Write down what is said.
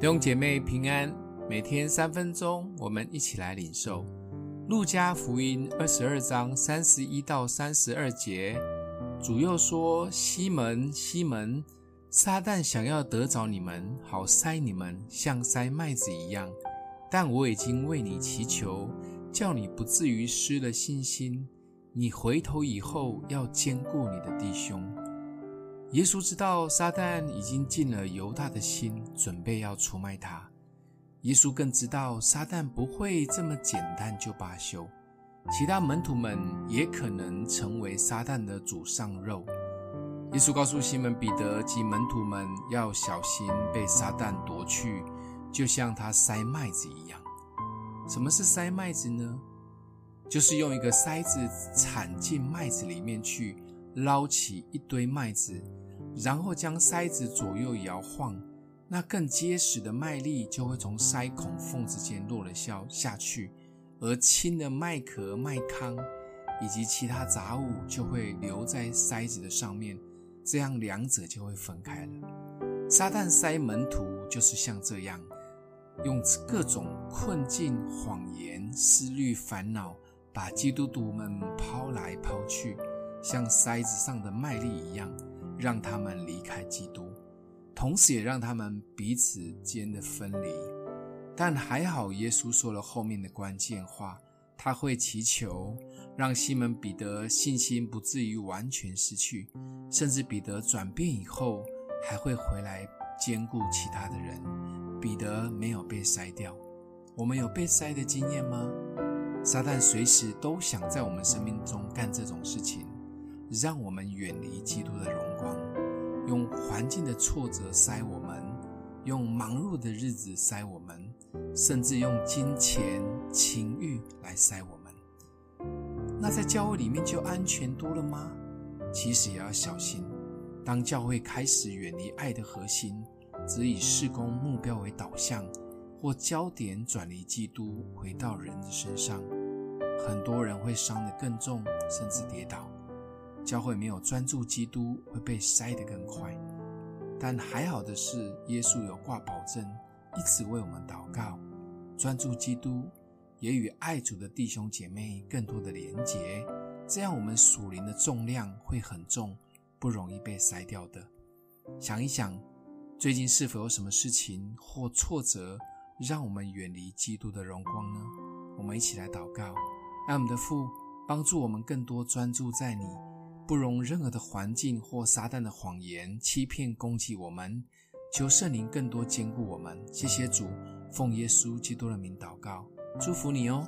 弟兄姐妹平安，每天三分鐘，我們一起來領受《路加福音》二十二章三十一到三十二節。主又說：“西門，西門，撒旦想要得着你們，好篩你們，像篩麥子一樣。但我已經為你祈求，叫你不至於失了信心。你回頭以後，要堅固你的弟兄。”耶穌知道撒旦已經進了猶大的心，準備要出賣他。耶穌更知道撒旦不會這麼簡單就罷休，其他門徒們也可能成為撒旦的俎上肉。耶穌告訴西門彼得及門徒們要小心被撒旦奪去，就像他篩麥子一樣。什麼是篩麥子呢？就是用一個篩子鏟進麥子裡面去。撈起一堆麥子，然後將篩子左右搖晃，那更結實的麥粒就會從篩孔縫之間落了下下去，而輕的麥殼、麥糠以及其他雜物就會留在篩子的上面，這樣兩者就會分開了。撒旦篩門徒就是像這樣，用各種困境、謊言、思慮、煩惱，把基督徒們拋來拋去。像篩子上的麥粒一樣，讓他們離開基督，同時也讓他們彼此間的分離。但還好，耶穌說了後面的關鍵話，他會祈求，讓西門彼得信心不至於完全失去，甚至彼得轉變以後還會回來兼顧其他的人。彼得沒有被篩掉，我們有被篩的經驗嗎？撒旦隨時都想在我們生命中幹這種事情。讓我們遠離基督的榮光，用環境的挫折篩我們，用忙碌的日子篩我們，甚至用金錢、情慾來篩我們。那在教會裡面就安全多了嗎？其實也要小心。當教會開始遠離愛的核心，只以事工目標為導向，或焦點轉離基督，回到人的身上，很多人會傷得更重，甚至跌倒。教會沒有專注基督，會被篩得更快。但還好的是，耶穌有掛保證，一直為我們禱告。專注基督，也與愛主的弟兄姐妹更多的連結。這樣，我們屬靈的重量會很重，不容易被篩掉的。想一想，最近是否有什麼事情或挫折，讓我們遠離基督的榮光呢？我們一起來禱告，愛我們的父幫助我們更多專注在你。不容任何的環境或撒旦的謊言欺騙攻擊我們，求聖靈更多堅固我們。謝謝主，奉耶穌基督的名禱告，祝福你哦。